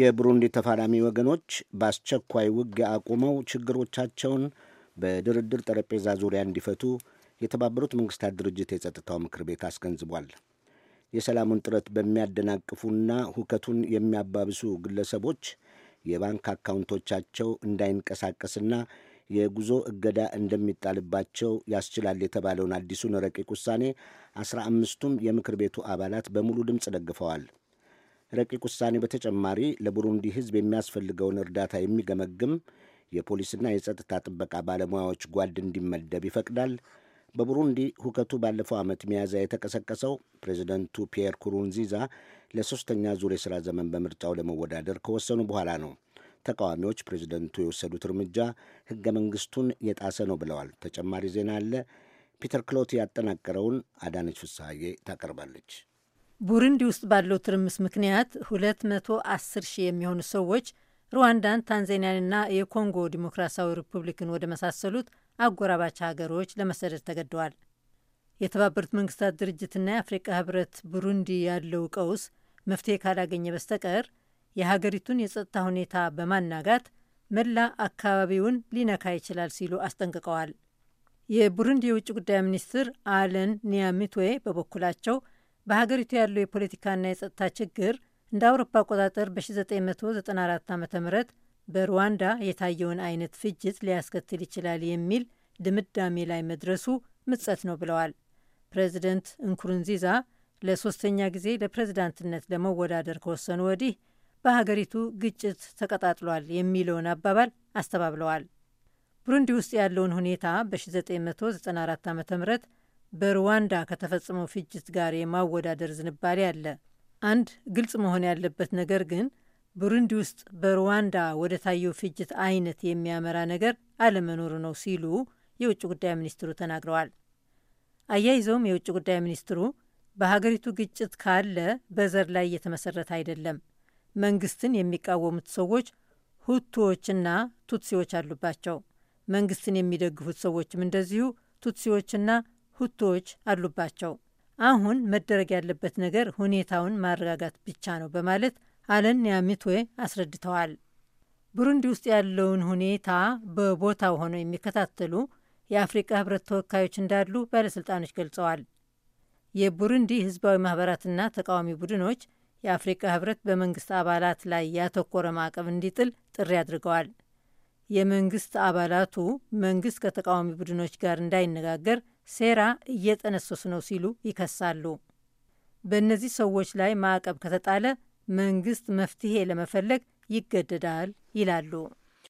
የብሩንዲ ተፋላሚ ወገኖች በአስቸኳይ ውጊያ አቁመው ችግሮቻቸውን በድርድር ጠረጴዛ ዙሪያ እንዲፈቱ የተባበሩት መንግስታት ድርጅት የጸጥታው ምክር ቤት አስገንዝቧል። የሰላሙን ጥረት በሚያደናቅፉና ሁከቱን የሚያባብሱ ግለሰቦች የባንክ አካውንቶቻቸው እንዳይንቀሳቀስና የጉዞ እገዳ እንደሚጣልባቸው ያስችላል የተባለውን አዲሱን ረቂቅ ውሳኔ አስራ አምስቱም የምክር ቤቱ አባላት በሙሉ ድምፅ ደግፈዋል። ረቂቅ ውሳኔ በተጨማሪ ለቡሩንዲ ሕዝብ የሚያስፈልገውን እርዳታ የሚገመግም የፖሊስና የጸጥታ ጥበቃ ባለሙያዎች ጓድ እንዲመደብ ይፈቅዳል። በቡሩንዲ ሁከቱ ባለፈው ዓመት ሚያዝያ የተቀሰቀሰው ፕሬዚደንቱ ፒየር ኩሩንዚዛ ለሦስተኛ ዙር የሥራ ዘመን በምርጫው ለመወዳደር ከወሰኑ በኋላ ነው። ተቃዋሚዎች ፕሬዚደንቱ የወሰዱት እርምጃ ሕገ መንግሥቱን የጣሰ ነው ብለዋል። ተጨማሪ ዜና አለ። ፒተር ክሎት ያጠናቀረውን አዳነች ፍሳሐዬ ታቀርባለች። ቡሩንዲ ውስጥ ባለው ትርምስ ምክንያት 210 ሺህ የሚሆኑ ሰዎች ሩዋንዳን፣ ታንዛኒያንና የኮንጎ ዲሞክራሲያዊ ሪፑብሊክን ወደ መሳሰሉት አጎራባች ሀገሮች ለመሰደድ ተገደዋል። የተባበሩት መንግስታት ድርጅትና የአፍሪቃ ህብረት ቡሩንዲ ያለው ቀውስ መፍትሄ ካላገኘ በስተቀር የሀገሪቱን የጸጥታ ሁኔታ በማናጋት መላ አካባቢውን ሊነካ ይችላል ሲሉ አስጠንቅቀዋል። የቡሩንዲ የውጭ ጉዳይ ሚኒስትር አለን ኒያሚትዌ በበኩላቸው በሀገሪቱ ያለው የፖለቲካና የጸጥታ ችግር እንደ አውሮፓ አቆጣጠር በ1994 ዓ ም በሩዋንዳ የታየውን አይነት ፍጅት ሊያስከትል ይችላል የሚል ድምዳሜ ላይ መድረሱ ምጸት ነው ብለዋል። ፕሬዚደንት እንኩሩንዚዛ ለሶስተኛ ጊዜ ለፕሬዝዳንትነት ለመወዳደር ከወሰኑ ወዲህ በሀገሪቱ ግጭት ተቀጣጥሏል የሚለውን አባባል አስተባብለዋል። ቡሩንዲ ውስጥ ያለውን ሁኔታ በ1994 ዓ ም በሩዋንዳ ከተፈጸመው ፍጅት ጋር የማወዳደር ዝንባሌ አለ። አንድ ግልጽ መሆን ያለበት ነገር ግን ብሩንዲ ውስጥ በሩዋንዳ ወደ ታየው ፍጅት አይነት የሚያመራ ነገር አለመኖሩ ነው ሲሉ የውጭ ጉዳይ ሚኒስትሩ ተናግረዋል። አያይዘውም የውጭ ጉዳይ ሚኒስትሩ በሀገሪቱ ግጭት ካለ በዘር ላይ እየተመሰረተ አይደለም፣ መንግስትን የሚቃወሙት ሰዎች ሁቱዎችና ቱትሲዎች አሉባቸው፣ መንግስትን የሚደግፉት ሰዎችም እንደዚሁ ቱትሲዎችና ሁቶዎች አሉባቸው። አሁን መደረግ ያለበት ነገር ሁኔታውን ማረጋጋት ብቻ ነው በማለት አለን ኒያሚትዌ አስረድተዋል። ብሩንዲ ውስጥ ያለውን ሁኔታ በቦታው ሆነው የሚከታተሉ የአፍሪቃ ህብረት ተወካዮች እንዳሉ ባለሥልጣኖች ገልጸዋል። የቡሩንዲ ህዝባዊ ማኅበራትና ተቃዋሚ ቡድኖች የአፍሪቃ ህብረት በመንግሥት አባላት ላይ ያተኮረ ማዕቀብ እንዲጥል ጥሪ አድርገዋል። የመንግሥት አባላቱ መንግሥት ከተቃዋሚ ቡድኖች ጋር እንዳይነጋገር ሴራ እየጠነሰሱ ነው ሲሉ ይከሳሉ። በእነዚህ ሰዎች ላይ ማዕቀብ ከተጣለ መንግስት መፍትሄ ለመፈለግ ይገደዳል ይላሉ።